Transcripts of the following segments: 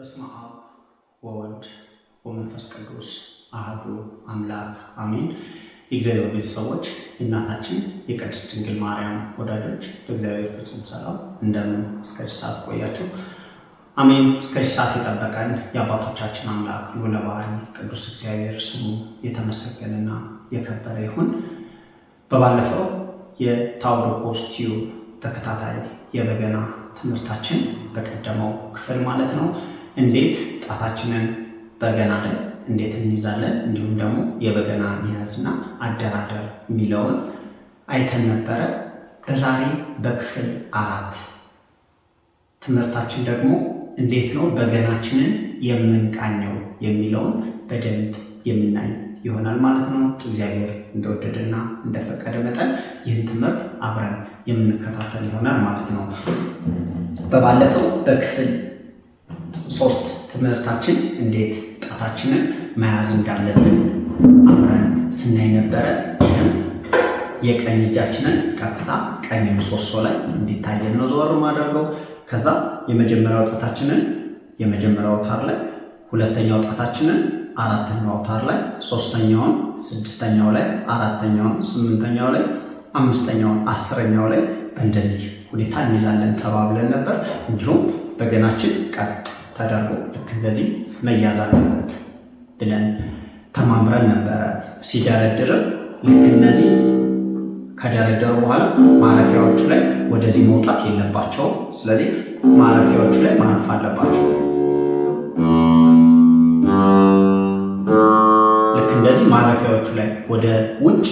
በስመ አብ ወወልድ ወመንፈስ ቅዱስ አህዱ አምላክ አሜን። የእግዚአብሔር ቤተሰቦች፣ የእናታችን የቅድስት ድንግል ማርያም ወዳጆች በእግዚአብሔር ፍጹም ሰላም እንደምን እስከዚህ ሰዓት ቆያችሁ? አሜን። እስከዚህ ሰዓት የጠበቀን የአባቶቻችን አምላክ ልዑለ ቅዱስ እግዚአብሔር ስሙ የተመሰገነና የከበረ ይሁን። በባለፈው የታውዶኮስ ቲዩብ ተከታታይ የበገና ትምህርታችን በቀደመው ክፍል ማለት ነው እንዴት ጣታችንን በገና ላይ እንዴት እንይዛለን እንዲሁም ደግሞ የበገና አያያዝና አደራደር የሚለውን አይተን ነበረ። በዛሬ በክፍል አራት ትምህርታችን ደግሞ እንዴት ነው በገናችንን የምንቃኘው የሚለውን በደንብ የምናይ ይሆናል ማለት ነው። እግዚአብሔር እንደወደደና እንደፈቀደ መጠን ይህን ትምህርት አብረን የምንከታተል ይሆናል ማለት ነው። በባለፈው በክፍል ሶስት ትምህርታችን እንዴት ጣታችንን መያዝ እንዳለብን አብረን ስናይ ነበረ። ይህም የቀኝ እጃችንን ቀጥታ ቀኝ ምሰሶ ላይ እንዲታየን ነው ዞር ማደርገው። ከዛ የመጀመሪያው ጣታችንን የመጀመሪያው አውታር ላይ፣ ሁለተኛው ጣታችንን አራተኛው አውታር ላይ፣ ሶስተኛውን ስድስተኛው ላይ፣ አራተኛውን ስምንተኛው ላይ፣ አምስተኛውን አስረኛው ላይ በእንደዚህ ሁኔታ እንይዛለን ተባብለን ነበር እንዲሁም በገናችን ቀጥ ተደርጎ ልክ እንደዚህ መያዝ አለበት ብለን ተማምረን ነበረ። ሲደረድርም ልክ እነዚህ ከደረደሩ በኋላ ማረፊያዎቹ ላይ ወደዚህ መውጣት የለባቸውም። ስለዚህ ማረፊያዎቹ ላይ ማረፍ አለባቸው። ልክ እንደዚህ ማረፊያዎቹ ላይ ወደ ውጭ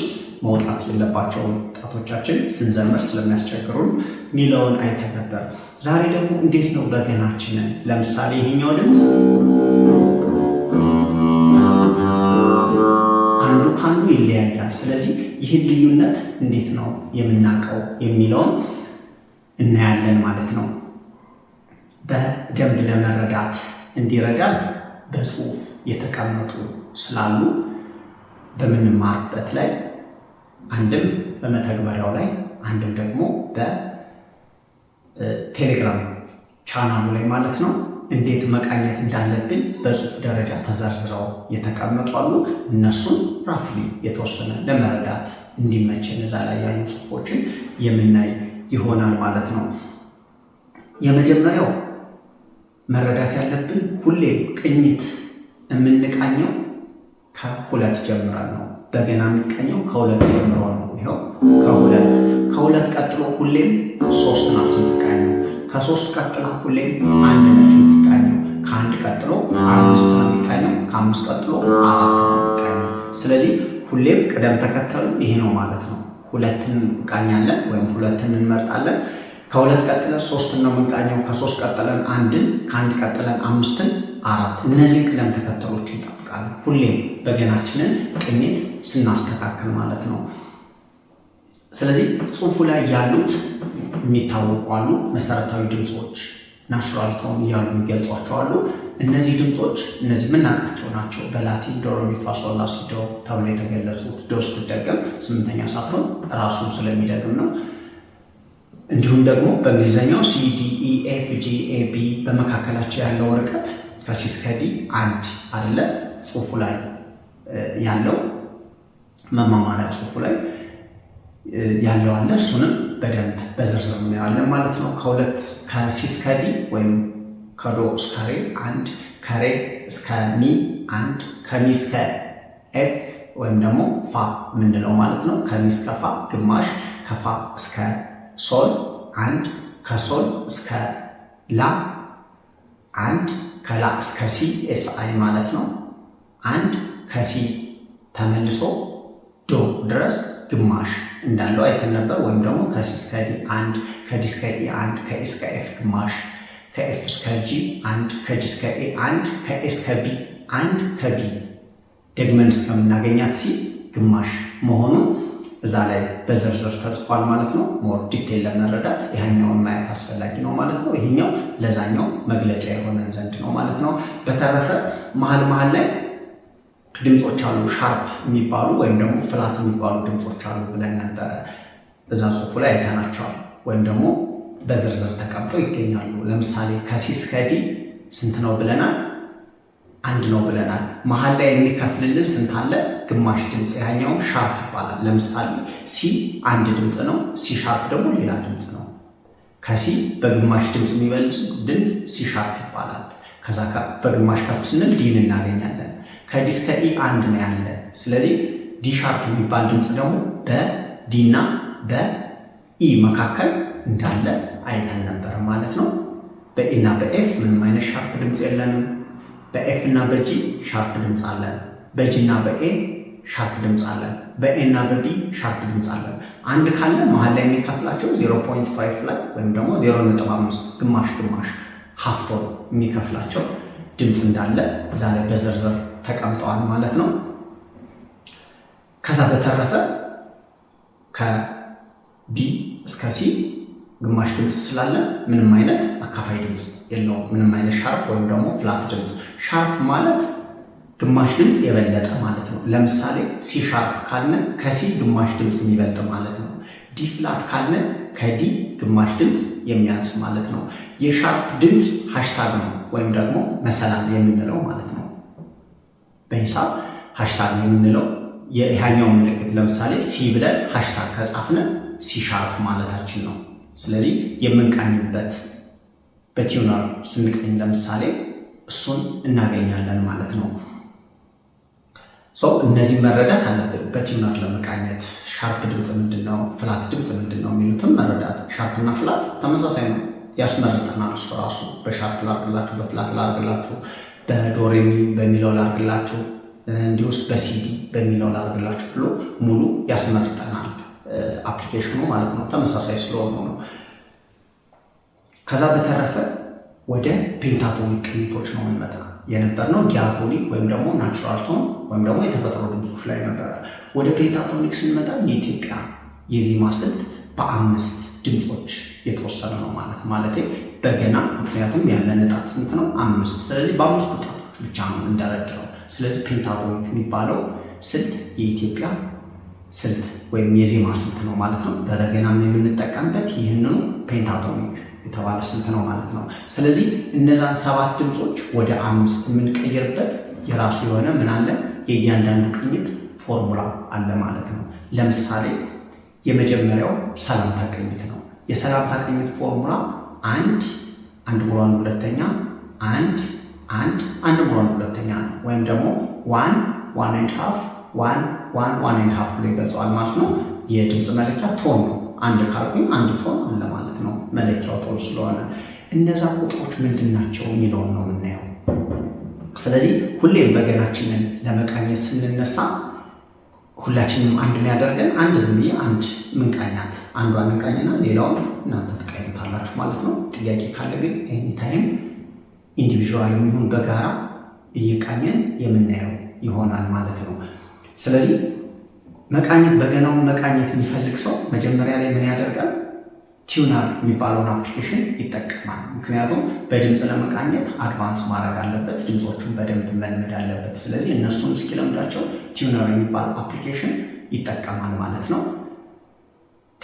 መውጣት የለባቸውም ጣቶቻችን ስንዘምር ስለሚያስቸግሩን ሚለውን አይተን ነበር። ዛሬ ደግሞ እንዴት ነው በገናችንን ለምሳሌ ይሄኛው ድምፅ አንዱ ከአንዱ ይለያያል። ስለዚህ ይህን ልዩነት እንዴት ነው የምናውቀው የሚለውን እናያለን ማለት ነው። በደንብ ለመረዳት እንዲረዳል በጽሁፍ የተቀመጡ ስላሉ በምንማርበት ላይ አንድም በመተግበሪያው ላይ አንድም ደግሞ በቴሌግራም ቻናሉ ላይ ማለት ነው እንዴት መቃኘት እንዳለብን በጽሁፍ ደረጃ ተዘርዝረው የተቀመጡ አሉ። እነሱን ራፍሊ የተወሰነ ለመረዳት እንዲመችን እዛ ላይ ያሉ ጽሁፎችን የምናይ ይሆናል ማለት ነው። የመጀመሪያው መረዳት ያለብን ሁሌም ቅኝት የምንቃኘው ከሁለት ጀምረን ነው። በገና የሚቀኘው ከሁለት ጀምሮ ነው። ይኸው ከሁለት ከሁለት ቀጥሎ ሁሌም ሶስት ናት የምትቃኘው። ከሶስት ቀጥሎ ሁሌም አንድ ነች የምትቃኘው። ከአንድ ቀጥሎ አምስት ነው የሚቃኘው። ከአምስት ቀጥሎ አራት ነው የሚቃኘው። ስለዚህ ሁሌም ቅደም ተከተሉ ይሄ ነው ማለት ነው። ሁለትን እንቃኛለን ወይም ሁለትን እንመርጣለን። ከሁለት ቀጥለን ሶስትን ነው የምንቃኘው። ከሶስት ቀጥለን አንድን፣ ከአንድ ቀጥለን አምስትን አራት እነዚህን ቅደም ተከተሎች ይጠብቃል። ሁሌም በገናችንን ቅኝት ስናስተካከል ማለት ነው። ስለዚህ ጽሁፉ ላይ ያሉት የሚታወቁ አሉ። መሰረታዊ ድምፆች ናቹራል ቶን እያሉ የሚገልጿቸው አሉ። እነዚህ ድምፆች እነዚህ የምናውቃቸው ናቸው። በላቲን ዶሮ ሚ ፋ ላ ሲ ዶ ተብሎ የተገለጹት ዶ ስትደገም ስምንተኛ ሳትሆን ራሱን ስለሚደግም ነው። እንዲሁም ደግሞ በእንግሊዝኛው ሲዲኢ በመካከላቸው ያለው ርቀት ከሲ እስከ አንድ አደለ ጽሁፉ ላይ ያለው መማማሪያ ጽሁፉ ላይ ያለው አለ። እሱንም በደንብ በዝርዝር እናየዋለን ማለት ነው። ከሁለት ከሲ ወይም ከዶ እስከ ሬ አንድ፣ ከሬ እስከ ሚ አንድ፣ ከሚ እስከ ኤፍ ወይም ደግሞ ፋ የምንለው ማለት ነው። ከሚ እስከ ፋ ግማሽ፣ ከፋ እስከ ሶል አንድ፣ ከሶል እስከ ላ አንድ እስከ ሲ ኤስ አይ ማለት ነው። አንድ ከሲ ተመልሶ ዶ ድረስ ግማሽ እንዳለው አይተን ነበር። ወይም ደግሞ ከሲ እስከ ዲ አንድ፣ ከዲ እስከ ኤ አንድ፣ ከኤ እስከ ኤፍ ግማሽ፣ ከኤፍ እስከ ጂ አንድ፣ ከጂ እስከ ኤ አንድ፣ ከኤ እስከ ቢ አንድ፣ ከቢ ደግመን እስከምናገኛት ሲ ግማሽ መሆኑን እዛ ላይ በዝርዝር ተጽፏል ማለት ነው። ሞር ዲቴል ለመረዳት ይህኛውን ማየት አስፈላጊ ነው ማለት ነው። ይህኛው ለዛኛው መግለጫ የሆነን ዘንድ ነው ማለት ነው። በተረፈ መሀል መሀል ላይ ድምፆች አሉ፣ ሻርፕ የሚባሉ ወይም ደግሞ ፍላት የሚባሉ ድምፆች አሉ ብለን ነበረ። እዛ ጽሁፉ ላይ አይተናቸዋል ወይም ደግሞ በዝርዝር ተቀምጠው ይገኛሉ። ለምሳሌ ከሲ እስከ ዲ ስንት ነው ብለናል? አንድ ነው ብለናል። መሀል ላይ የሚከፍልልን ስንት አለ? ግማሽ ድምፅ። ያኛውም ሻርፕ ይባላል። ለምሳሌ ሲ አንድ ድምፅ ነው። ሲ ሻርፕ ደግሞ ሌላ ድምፅ ነው። ከሲ በግማሽ ድምፅ የሚበልጥ ድምፅ ሲ ሻርፕ ይባላል። ከዛ በግማሽ ከፍ ስንል ዲን እናገኛለን። ከዲ እስከ ኢ አንድ ነው ያለ። ስለዚህ ዲ ሻርፕ የሚባል ድምፅ ደግሞ በዲና በኢ መካከል እንዳለ አይተን ነበር ማለት ነው። በኢና በኤፍ ምንም አይነት ሻርፕ ድምፅ የለንም። በኤፍ እና በጂ ሻርፕ ድምፅ አለ። በጂ እና በኤ ሻርፕ ድምፅ አለ። በኤ እና በቢ ሻርፕ ድምፅ አለ። አንድ ካለ መሀል ላይ የሚከፍላቸው 0.5 ላይ ወይም ደግሞ 0.5 ግማሽ ግማሽ ሀፍቶን የሚከፍላቸው ድምፅ እንዳለ እዛ ላይ በዝርዝር ተቀምጠዋል ማለት ነው። ከዛ በተረፈ ከቢ እስከ ሲ ግማሽ ድምፅ ስላለ ምንም አይነት አካፋይ ድምፅ የለውም። ምንም አይነት ሻርፕ ወይም ደግሞ ፍላት ድምፅ። ሻርፕ ማለት ግማሽ ድምፅ የበለጠ ማለት ነው። ለምሳሌ ሲ ሻርፕ ካልን ከሲ ግማሽ ድምፅ የሚበልጥ ማለት ነው። ዲ ፍላት ካልን ከዲ ግማሽ ድምፅ የሚያንስ ማለት ነው። የሻርፕ ድምፅ ሃሽታግ ነው ወይም ደግሞ መሰላል የምንለው ማለት ነው። በሂሳብ ሃሽታግ የምንለው የያኛው ምልክት ለምሳሌ ሲ ብለን ሃሽታግ ከጻፍን ሲ ሻርፕ ማለታችን ነው። ስለዚህ የምንቃኝበት በቲዩነር ስንቀኝ ለምሳሌ እሱን እናገኛለን ማለት ነው። እነዚህ መረዳት አለብን። በቲዩነር ለመቃኘት ሻርፕ ድምፅ ምንድን ነው፣ ፍላት ድምፅ ምንድን ነው የሚሉትም መረዳት። ሻርፕና ፍላት ተመሳሳይ ነው፣ ያስመርጠናል እሱ ራሱ። በሻርፕ ላርግላችሁ፣ በፍላት ላርግላችሁ፣ በዶሬሚ በሚለው ላርግላችሁ፣ እንዲሁስ በሲዲ በሚለው ላርግላችሁ ብሎ ሙሉ ያስመርጣል። አፕሊኬሽኑ ማለት ነው ተመሳሳይ ስለሆኑ ነው። ከዛ በተረፈ ወደ ፔንታቶኒክ ቅኝቶች ነው የምንመጣ የነበር ነው። ዲያቶኒክ ወይም ደግሞ ናቹራል ቶን ወይም ደግሞ የተፈጥሮ ድምፆች ላይ ነበረ። ወደ ፔንታቶኒክ ስንመጣ የኢትዮጵያ የዜማ ስልት በአምስት ድምፆች የተወሰነ ነው ማለት ማለት በገና ምክንያቱም ያለን ዕጣት ስንት ነው? አምስት። ስለዚህ በአምስት ጣቶች ብቻ ነው እንደረድረው። ስለዚህ ፔንታቶኒክ የሚባለው ስልት የኢትዮጵያ ስልት ወይም የዜማ ስልት ነው ማለት ነው። በበገናም የምንጠቀምበት ይህንኑ ፔንታቶኒክ የተባለ ስልት ነው ማለት ነው። ስለዚህ እነዛን ሰባት ድምፆች ወደ አምስት የምንቀይርበት የራሱ የሆነ ምን አለ የእያንዳንዱ ቅኝት ፎርሙላ አለ ማለት ነው። ለምሳሌ የመጀመሪያው ሰላምታ ቅኝት ነው። የሰላምታ ቅኝት ፎርሙላ አንድ አንድ ሙሉ አንድ ሁለተኛ አንድ አንድ አንድ ሙሉ አንድ ሁለተኛ ነው። ወይም ደግሞ ዋን ዋን አንድ ሃፍ ዋን ዋን ዋን ኤንድ ብሎ ይገልጸዋል ማለት ነው። የድምፅ መለኪያ ቶን ነው። አንድ ካልኩኝ አንድ ቶን አለ ማለት ነው። መለኪያው ቶን ስለሆነ እነዛ ቁጥሮች ምንድን ናቸው የሚለውን ነው የምናየው። ስለዚህ ሁሌም በገናችንን ለመቃኘት ስንነሳ ሁላችንም አንድ የሚያደርገን አንድ ዝም ብዬ አንድ ምንቃኛት አንዷን ምንቃኝና ሌላውን እናንተ ትቃኙታላችሁ ማለት ነው። ጥያቄ ካለ ግን ኤኒታይም ኢንዲቪዥዋል የሚሆን በጋራ እየቃኘን የምናየው ይሆናል ማለት ነው። ስለዚህ መቃኘት በገናውን መቃኘት የሚፈልግ ሰው መጀመሪያ ላይ ምን ያደርጋል? ቲዩናር የሚባለውን አፕሊኬሽን ይጠቀማል። ምክንያቱም በድምፅ ለመቃኘት አድቫንስ ማድረግ አለበት፣ ድምፆቹን በደንብ መልመድ አለበት። ስለዚህ እነሱን እስኪለምዳቸው ቲዩነር የሚባል አፕሊኬሽን ይጠቀማል ማለት ነው።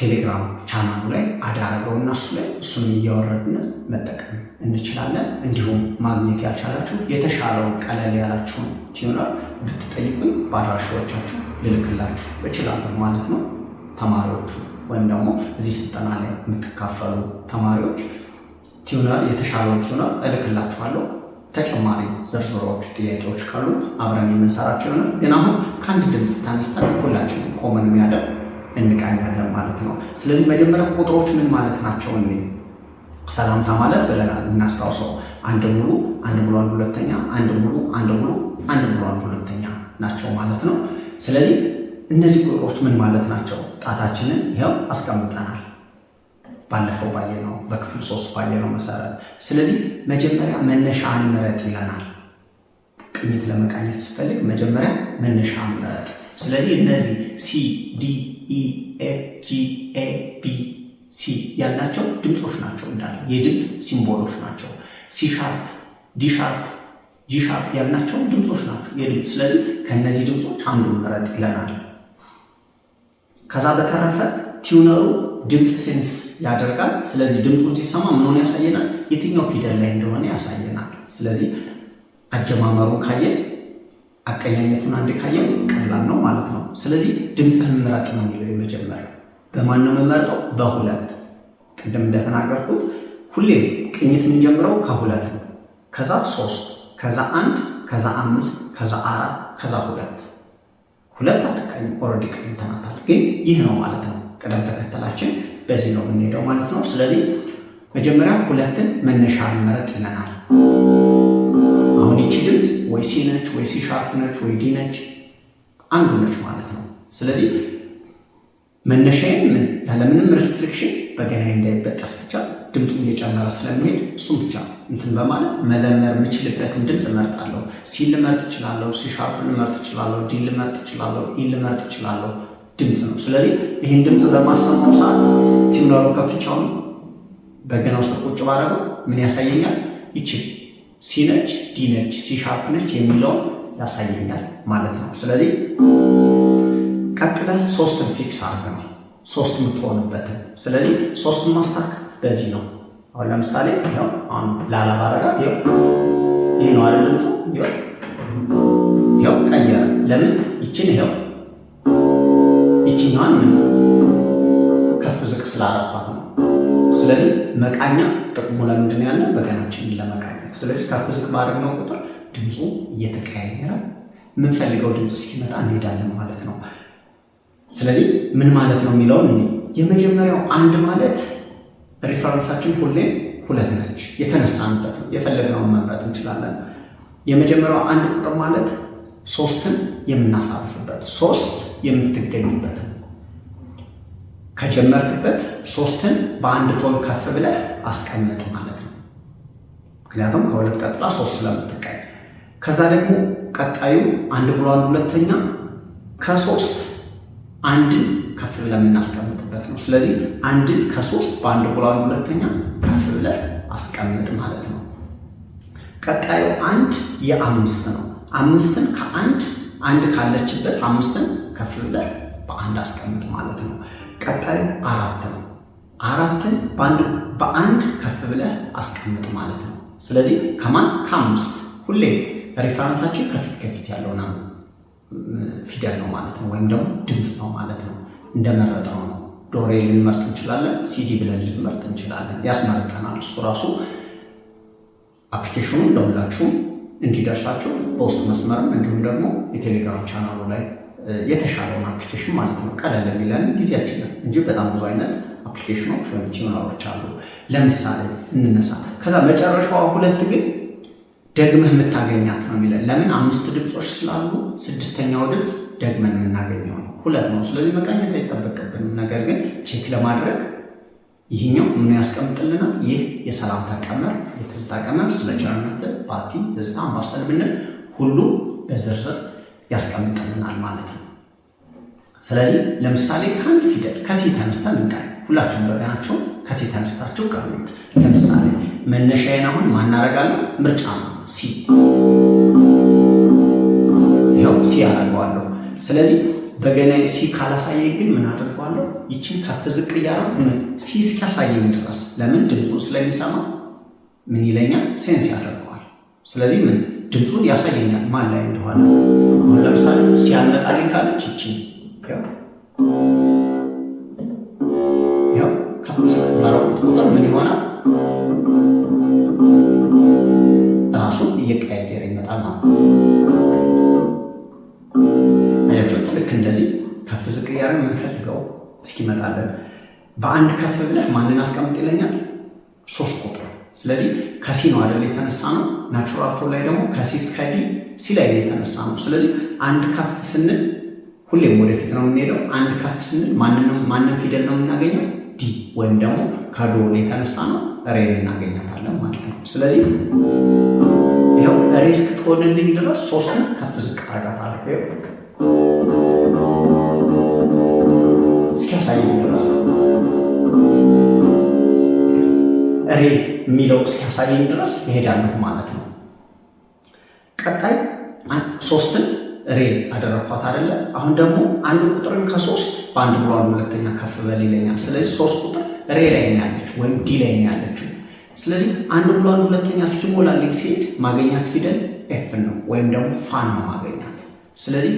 ቴሌግራም ቻናሉ ላይ አዳረገው እና እሱ ላይ እሱን እያወረድን መጠቀም እንችላለን። እንዲሁም ማግኘት ያልቻላችሁ የተሻለው ቀለል ያላችሁን ቲዩነር ብትጠይቁኝ በአድራሻዎቻችሁ ልልክላችሁ እችላለሁ ማለት ነው። ተማሪዎቹ ወይም ደግሞ እዚህ ስልጠና ላይ የምትካፈሉ ተማሪዎች ቲዩነር የተሻለውን ቲዩነር እልክላችኋለሁ። ተጨማሪ ዝርዝሮች ጥያቄዎች ካሉ አብረን የምንሰራቸው ግን አሁን ከአንድ ድምፅ ተነስተን ሁላችን ኮመን የሚያደርግ እንቃኛለን ማለት ነው። ስለዚህ መጀመሪያ ቁጥሮች ምን ማለት ናቸው? እኔ ሰላምታ ማለት ብለናል፣ እናስታውሰው። አንድ ሙሉ፣ አንድ ሙሉ አንድ ሁለተኛ፣ አንድ ሙሉ፣ አንድ ሙሉ፣ አንድ ሙሉ አንድ ሁለተኛ ናቸው ማለት ነው። ስለዚህ እነዚህ ቁጥሮች ምን ማለት ናቸው? ጣታችንን ይኸው አስቀምጠናል፣ ባለፈው ባየነው በክፍል ሶስት ባየነው መሰረት። ስለዚህ መጀመሪያ መነሻን ምረጥ ይለናል። ቅኝት ለመቃኘት ስፈልግ መጀመሪያ መነሻን ምረጥ። ስለዚህ እነዚህ ሲ ዲ ኢኤፍ ጂ ኤ ቢ ሲ ያላቸው ድምፆች ናቸው። እንዳለ የድምፅ ሲምቦሎች ናቸው። ሲ ሻርፕ፣ ዲ ሻርፕ፣ ጂ ሻርፕ ያልናቸው ድምፆች ናቸው የድምፅ ስለዚህ ከእነዚህ ድምፆች አንዱን ምረጥ ይለናል። ከዛ በተረፈ ቲዩነሩ ድምፅ ሴንስ ያደርጋል። ስለዚህ ድምፁን ሲሰማ ምንሆን ያሳየናል? የትኛው ፊደል ላይ እንደሆነ ያሳየናል። ስለዚህ አጀማመሩን ካየን አቀኛኘቱን አንድ ካየው ቀላል ነው ማለት ነው። ስለዚህ ድምፅህን ምረጥ ነው የሚለው የመጀመሪያው። በማን ነው የምመርጠው? በሁለት ቅድም እንደተናገርኩት ሁሌም ቅኝት የምንጀምረው ከሁለት ነው። ከዛ ሶስት፣ ከዛ አንድ፣ ከዛ አምስት፣ ከዛ አራት፣ ከዛ ሁለት። ሁለት አትቀኝ ኦልሬዲ ቀኝተናታል። ግን ይህ ነው ማለት ነው። ቅደም ተከተላችን በዚህ ነው የምንሄደው ማለት ነው። ስለዚህ መጀመሪያ ሁለትን መነሻ መረጥ ይለናል። ወይ ሲ ነች ወይ ሲ ሻርፕ ነች ወይ ዲ ነች አንዱ ነች ማለት ነው። ስለዚህ መነሻዬን ምን ያለምንም ሪስትሪክሽን በገና እንዳይበጠስ ብቻ ድምፁ እየጨመረ ስለሚሄድ እሱም ብቻ እንትን በማለት መዘመር የምችልበትን ድምፅ እመርጣለሁ። ሲ ልመርጥ እችላለሁ፣ ሲ ሻርፕ ልመርጥ እችላለሁ፣ ዲ ልመርጥ እችላለሁ፣ ኢ ልመርጥ እችላለሁ። ድምፅ ነው። ስለዚህ ይህን ድምፅ በማሰማው ሰዓት ቲምለሩ ከፍቻውን በገናው ስር ቁጭ ባደረገው ምን ያሳየኛል ይችል ሲነች ዲነች ሲሻፕነች የሚለውን ያሳየኛል ማለት ነው። ስለዚህ ቀጥለን ሶስትን ፊክስ አድርገን ሶስት የምትሆንበትን ስለዚህ ሶስት ማስታክ በዚህ ነው። አሁን ለምሳሌ ያው አሁን ላላ ባረጋት ይሄ ይህ ነው አይደል? ልጅ ይሄ ቀየረ። ለምን ይችን ይሄው ይችኛዋን ከፍ ዝቅ ስላረኳት ነው። ስለዚህ መቃኛ ጥቅሙ ላይ ምንድን ያለ በገናችንን ለመቃኘት። ስለዚህ ከፍ ዝቅ ነው ቁጥር ድምፁ እየተቀያየረ የምንፈልገው ድምፅ እስኪመጣ እንሄዳለን ማለት ነው። ስለዚህ ምን ማለት ነው የሚለውን እኔ የመጀመሪያው አንድ ማለት ሪፈረንሳችን ሁሌም ሁለት ነች፣ የተነሳንበት ነው። የፈለግነውን መምረጥ እንችላለን። የመጀመሪያው አንድ ቁጥር ማለት ሶስትን የምናሳርፍበት ሶስት የምትገኝበት ከጀመርክበት ሶስትን በአንድ ቶን ከፍ ብለህ አስቀምጥ ማለት ነው። ምክንያቱም ከሁለት ቀጥላ ሶስት ስለምትቀይ ከዛ ደግሞ ቀጣዩ አንድ ብሏል። ሁለተኛ ከሶስት አንድን ከፍ ብለህ የምናስቀምጥበት ነው። ስለዚህ አንድን ከሶስት በአንድ ብሏል። ሁለተኛ ከፍ ብለህ አስቀምጥ ማለት ነው። ቀጣዩ አንድ የአምስት ነው። አምስትን ከአንድ አንድ ካለችበት አምስትን ከፍ ብለህ በአንድ አስቀምጥ ማለት ነው። ቀጣዩ አራት ነው። አራትን በአንድ ከፍ ብለህ አስቀምጥ ማለት ነው። ስለዚህ ከማን ከአምስት ሁሌ ሬፈረንሳችን ከፊት ከፊት ያለው ፊደል ነው ማለት ነው፣ ወይም ደግሞ ድምፅ ነው ማለት ነው። እንደመረጥነው ነው። ዶሬ ልንመርጥ እንችላለን፣ ሲዲ ብለን ልንመርጥ እንችላለን። ያስመርጠናል እሱ ራሱ። አፕሊኬሽኑን ለሁላችሁም እንዲደርሳችሁ በውስጥ መስመርም እንዲሁም ደግሞ የቴሌግራም ቻናሉ ላይ የተሻለውን አፕሊኬሽን ማለት ነው። ቀለል የሚለን ጊዜያችን ነው እንጂ በጣም ብዙ አይነት አፕሊኬሽኖች ወይም ቲምራዎች አሉ። ለምሳሌ እንነሳ። ከዛ መጨረሻዋ ሁለት ግን ደግመህ የምታገኛት ነው የሚለን። ለምን አምስት ድምፆች ስላሉ ስድስተኛው ድምፅ ደግመን የምናገኘው ነው። ሁለት ነው። ስለዚህ መቀኘት አይጠበቅብንም። ነገር ግን ቼክ ለማድረግ ይህኛው ምን ያስቀምጥልናል? ይህ የሰላምታ ቀመር፣ የትዝታ ቀመር፣ ስለ ቸርነት፣ ባቲ፣ ትዝታ፣ አምባሰል ብንል ሁሉ በዝርዝር ያስቀምጥልናል ማለት ነው። ስለዚህ ለምሳሌ ከአንድ ፊደል ከሴ ተነስተን እንቃኝ። ሁላችሁም በቀናቸው ከሴ ተነስታችሁ ቀሩት። ለምሳሌ መነሻዬን አሁን ማናረጋለሁ ምርጫ ነው ሲ ይኸው ሲ አደርገዋለሁ። ስለዚህ በገና ሲ ካላሳየ ግን ምን አደርገዋለሁ? ይችን ከፍ ዝቅ እያደረኩ ሲ እስኪያሳየኝ ድረስ ለምን ድምፁ ስለሚሰማ ምን ይለኛል? ሴንስ ያደርገዋል። ስለዚህ ምን ድምፁን ያሳየኛል ማን ላይ እንደሆነ። ለምሳሌ ሲያመጣልኝ ካለች ይቺ ባረኩት ቁጥር ምን ይሆናል? ራሱ እየቀያየረ ይመጣል ማለት ነው። አያቸው ልክ እንደዚህ ከፍ ዝቅ እያደረግን የምንፈልገው እስኪመጣለን። በአንድ ከፍ ብለህ ማንን አስቀምጥ ይለኛል? ሶስት ቁጥር። ስለዚህ ከሲ ነው አይደል የተነሳ ነው ናቹራል ፎል ላይ ደግሞ ከሲስ ከዲ ዲ ሲ ላይ የተነሳ ነው። ስለዚህ አንድ ከፍ ስንል ሁሌም ወደፊት ነው የምንሄደው። አንድ ከፍ ስንል ማንን ፊደል ነው የምናገኘው? ዲ ወይም ደግሞ ከዶ የተነሳ ነው ሬን እናገኛታለን ማለት ነው። ስለዚህ ይኸው ሬ እስክትሆንልኝ ድረስ ሶስቱን ከፍ ዝቅ አደርጋታለሁ። እስኪያሳይ ድረስ ሬ የሚለው እስኪያሳየኝ ድረስ እሄዳለሁ ማለት ነው። ቀጣይ ሶስትን ሬ አደረግኳት አይደለ? አሁን ደግሞ አንድ ቁጥርን ከሶስት በአንድ ብሏል ሁለተኛ ከፍ በል ይለኛል። ስለዚህ ሶስት ቁጥር ሬ ላይ ነው ያለችው ወይም ዲ ላይ ነው ያለችው። ስለዚህ አንድ ብሏል ሁለተኛ እስኪሞላልኝ ሲሄድ ማገኛት ፊደል ኤፍ ነው ወይም ደግሞ ፋን ነው ማገኛት። ስለዚህ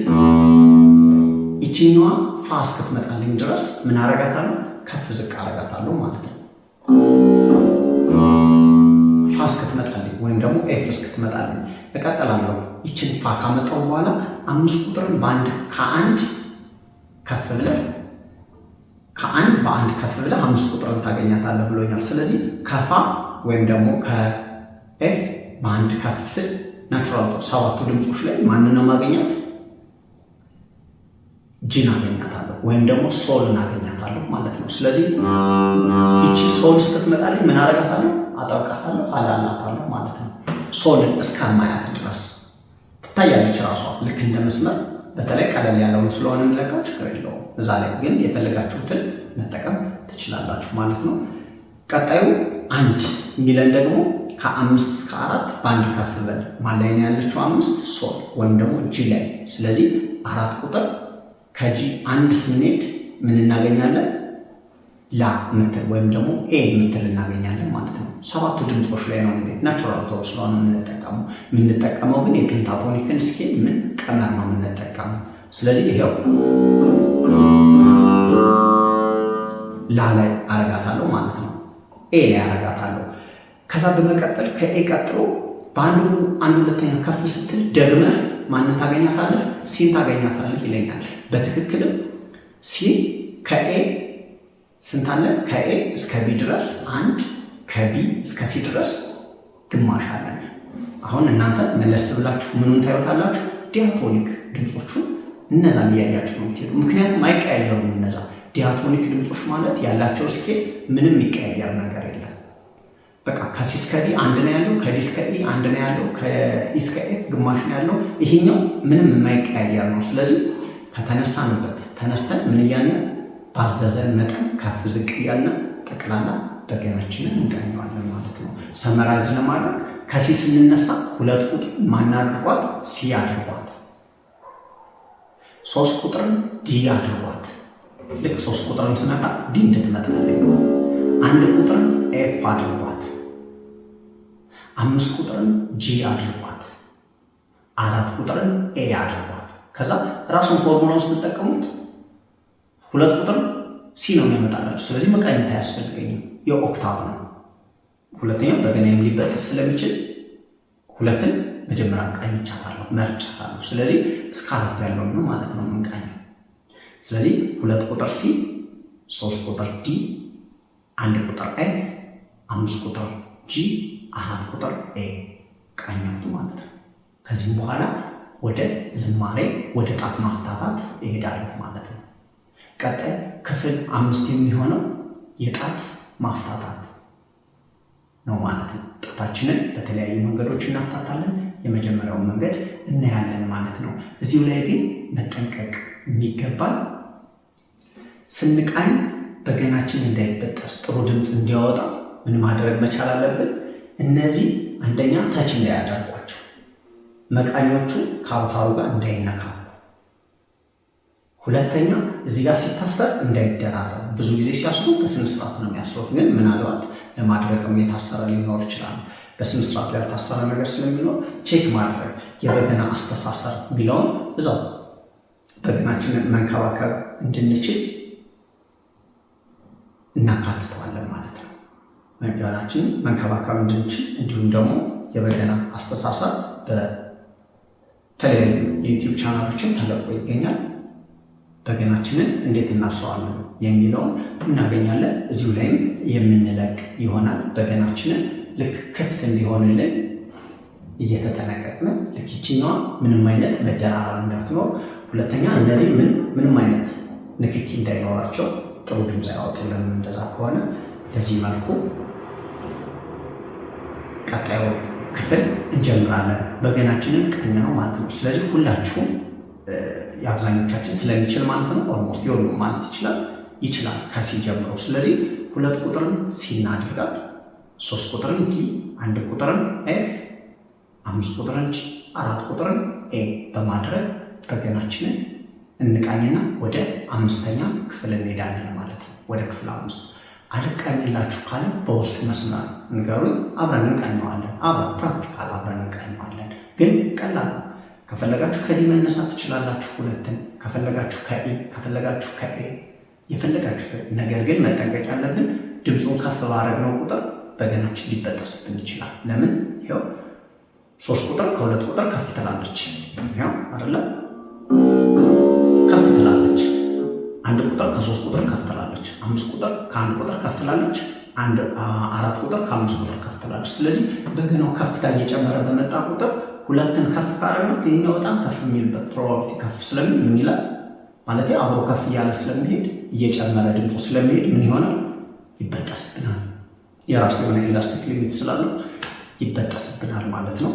ይችኛዋ ፋ እስክትመጣልኝ ድረስ ምን አረጋታለሁ? ከፍ ዝቅ አረጋታለሁ ማለት ነው። ፋ እስክትመጣልኝ ወይም ደግሞ ኤፍ እስክትመጣልኝ እቀጥላለሁ። ይችን ፋ ካመጣው በኋላ አምስት ቁጥርን በአንድ ከአንድ ከፍ ብለህ ከአንድ በአንድ ከፍ ብለህ አምስት ቁጥርን ታገኛታለህ ብሎኛል። ስለዚህ ከፋ ወይም ደግሞ ከኤፍ በአንድ ከፍ ስል ናቹራል ሰባቱ ድምፆች ላይ ማንን ማገኛት ጂን አገኛታለሁ ወይም ደግሞ ሶል አገኛታለሁ ማለት ነው። ስለዚህ ይቺ ሶል ስትመጣልኝ ምን አደርጋታለሁ? አጠብቃታለሁ ኋላላታለሁ ማለት ነው። ሶልን እስከማያት ድረስ ትታያለች ራሷ ልክ እንደ መስመር። በተለይ ቀለል ያለውን ስለሆነ እንለቀው ችግር የለውም። እዛ ላይ ግን የፈለጋችሁትን መጠቀም ትችላላችሁ ማለት ነው። ቀጣዩ አንድ የሚለን ደግሞ ከአምስት እስከ አራት በአንድ ከፍ በል ማላይ ነው ያለችው አምስት ሶል ወይም ደግሞ ጂ ላይ። ስለዚህ አራት ቁጥር ከጂ አንድ ስንሄድ ምን እናገኛለን? ላ ምትል ወይም ደግሞ ኤ ምትል እናገኛለን ማለት ነው። ሰባቱ ድምፆች ላይ ነው እንግዲህ ናቹራል ቶን ስለሆነ የምንጠቀመው የምንጠቀመው ግን የፔንታቶኒክን ስኬል ምን ቀመር ነው የምንጠቀመው። ስለዚህ ይሄው ላ ላይ አረጋታለሁ ማለት ነው። ኤ ላይ አረጋታለሁ። ከዛ በመቀጠል ከኤ ቀጥሎ በአንድ አንድ ሁለተኛ ከፍ ስትል ደግመህ ማንን ታገኛታለህ? ሲን ታገኛታለህ ይለኛል። በትክክልም ሲን ከኤ ስንት አለን? ከኤ እስከ ቢ ድረስ አንድ፣ ከቢ እስከ ሲ ድረስ ግማሽ አለን። አሁን እናንተ መለስ ብላችሁ ምኑን ታዩታላችሁ? ዲያቶኒክ ድምፆቹ እነዛን እያያችሁ ነው የምትሄዱ። ምክንያቱም አይቀያየሩም። እነዛ ዲያቶኒክ ድምፆች ማለት ያላቸው እስኬ ምንም ይቀያየር ነገር የለም። በቃ ከሲ እስከ ዲ አንድ ነው ያለው፣ ከዲ እስከ ኢ አንድ ነው ያለው፣ ከኢ እስከ ኤፍ ግማሽ ነው ያለው። ይሄኛው ምንም የማይቀያየር ነው። ስለዚህ ከተነሳንበት ተነስተን ምን እያልን ባዘዘን መጠን ከፍ ዝቅ እያልን ጠቅላላ በገናችንን እንቀኘዋለን ማለት ነው። ሰመራይዝ ለማድረግ ከሲ ስንነሳ ሁለት ቁጥር ማናድርጓት ሲ አድርጓት፣ ሶስት ቁጥርን ዲ አድርጓት። ልክ ሶስት ቁጥርን ስነካ ዲ እንድትመጣ አንድ ቁጥርን ኤፍ አድርጓት፣ አምስት ቁጥርን ጂ አድርጓት፣ አራት ቁጥርን ኤ አድርጓት። ከዛ ራሱን ፎርሙላውን ስትጠቀሙት ሁለት ቁጥር ሲ ነው የሚያመጣላችሁ። ስለዚህ መቀነት አያስፈልገኝም። የኦክታቭ ነው። ሁለተኛው በገናም ሊበጠስ ስለሚችል ሁለትን መጀመሪያ ቀኝቻታለሁ፣ መርጫታለሁ። ስለዚህ እስከ ያለው ነው ማለት ነው የምንቃኝ። ስለዚህ ሁለት ቁጥር ሲ፣ ሶስት ቁጥር ዲ፣ አንድ ቁጥር ኤፍ፣ አምስት ቁጥር ጂ፣ አራት ቁጥር ኤ ቃኘቱ ማለት ነው። ከዚህም በኋላ ወደ ዝማሬ ወደ ጣት ማፍታታት ይሄዳለሁ ማለት ነው። ቀጣይ ክፍል አምስት የሚሆነው የጣት ማፍታታት ነው ማለት ነው። ጣታችንን በተለያዩ መንገዶች እናፍታታለን። የመጀመሪያውን መንገድ እናያለን ማለት ነው። እዚሁ ላይ ግን መጠንቀቅ የሚገባል ስንቃኝ በገናችን እንዳይበጠስ ጥሩ ድምፅ እንዲያወጣ ምን ማድረግ መቻል አለብን? እነዚህ አንደኛ ታች እንዳያደርጓቸው፣ መቃኞቹ ከአውታሩ ጋር እንዳይነካ፣ ሁለተኛ እዚህ ጋር ሲታሰር እንዳይደራረብ ብዙ ጊዜ ሲያስሩ በስነስርዓት ነው የሚያስሩት። ግን ምናልባት ለማድረቅም የታሰረ ሊኖር ይችላል። በስነስርዓት ላይ ታሰረ ነገር ስለሚኖር ቼክ ማድረግ የበገና አስተሳሰር የሚለውን እዛው በገናችንን መንከባከብ እንድንችል እናካትተዋለን ማለት ነው። በገናችንን መንከባከብ እንድንችል እንዲሁም ደግሞ የበገና አስተሳሰር በተለያዩ የዩቲዩብ ቻናሎችን ተለቆ ይገኛል። በገናችንን እንዴት እናስረዋለን የሚለውን እናገኛለን። እዚሁ ላይም የምንለቅ ይሆናል። በገናችንን ልክ ክፍት እንዲሆንልን እየተጠነቀቅን ልክ ይችኛዋ ምንም አይነት መደራረብ እንዳትኖር፣ ሁለተኛ እነዚህ ምን ምንም አይነት ንክኪ እንዳይኖራቸው ጥሩ ድምፅ ያወጡልን። እንደዛ ከሆነ በዚህ መልኩ ቀጣዩ ክፍል እንጀምራለን። በገናችንን ቀኝ ነው ማለት ነው። ስለዚህ ሁላችሁም የአብዛኞቻችን ስለሚችል ማለት ነው። ኦልሞስት የሆኑ ማለት ይችላል ይችላል ከሲ ጀምሮ። ስለዚህ ሁለት ቁጥርን ሲ አድርጋት፣ ሶስት ቁጥርን ቲ፣ አንድ ቁጥርን ኤፍ፣ አምስት ቁጥርን ጂ፣ አራት ቁጥርን ኤ በማድረግ በገናችንን እንቃኝና ወደ አምስተኛ ክፍል እንሄዳለን ማለት ነው። ወደ ክፍል አምስት አልቃኝላችሁ ካለ በውስጥ መስመር ንገሩኝ፣ አብረን እንቃኘዋለን። አብረን ፕራክቲካል አብረን እንቃኘዋለን። ግን ቀላል ከፈለጋችሁ ከዲ መነሳት ትችላላችሁ። ሁለትን ከፈለጋችሁ ከኤ ከፈለጋችሁ ከኤ የፈለጋችሁ ነገር ግን መጠንቀቅ ያለብን ድምፁን ከፍ ባረግነው ቁጥር በገናችን ሊበጠስብን ይችላል። ለምን ው ሶስት ቁጥር ከሁለት ቁጥር ከፍ ትላለች። ይኸው አይደለ ከፍ ትላለች። አንድ ቁጥር ከሶስት ቁጥር ከፍ ትላለች። አምስት ቁጥር ከአንድ ቁጥር ከፍ ትላለች። አንድ አራት ቁጥር ከአምስት ቁጥር ከፍ ትላለች። ስለዚህ በገናው ከፍታ እየጨመረ በመጣ ቁጥር ሁለትን ከፍ ካደረግነው ይህኛው በጣም ከፍ የሚልበት ፕሮባብሊቲ ከፍ ስለሚል ምን ይላል ማለት አብሮ ከፍ እያለ ስለሚሄድ እየጨመረ ድምፁ ስለሚሄድ ምን ይሆናል ይበጠስብናል። የራሱ የሆነ ኤላስቲክ ሊሚት ስላለው ይበጠስብናል ማለት ነው።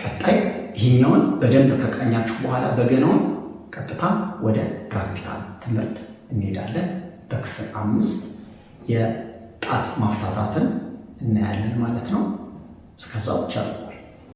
ቀጣይ ይህኛውን በደንብ ከቃኛችሁ በኋላ በገናውን ቀጥታ ወደ ፕራክቲካል ትምህርት እንሄዳለን። በክፍል አምስት የጣት ማፍታታትን እናያለን ማለት ነው። እስከዛው ቻሉ።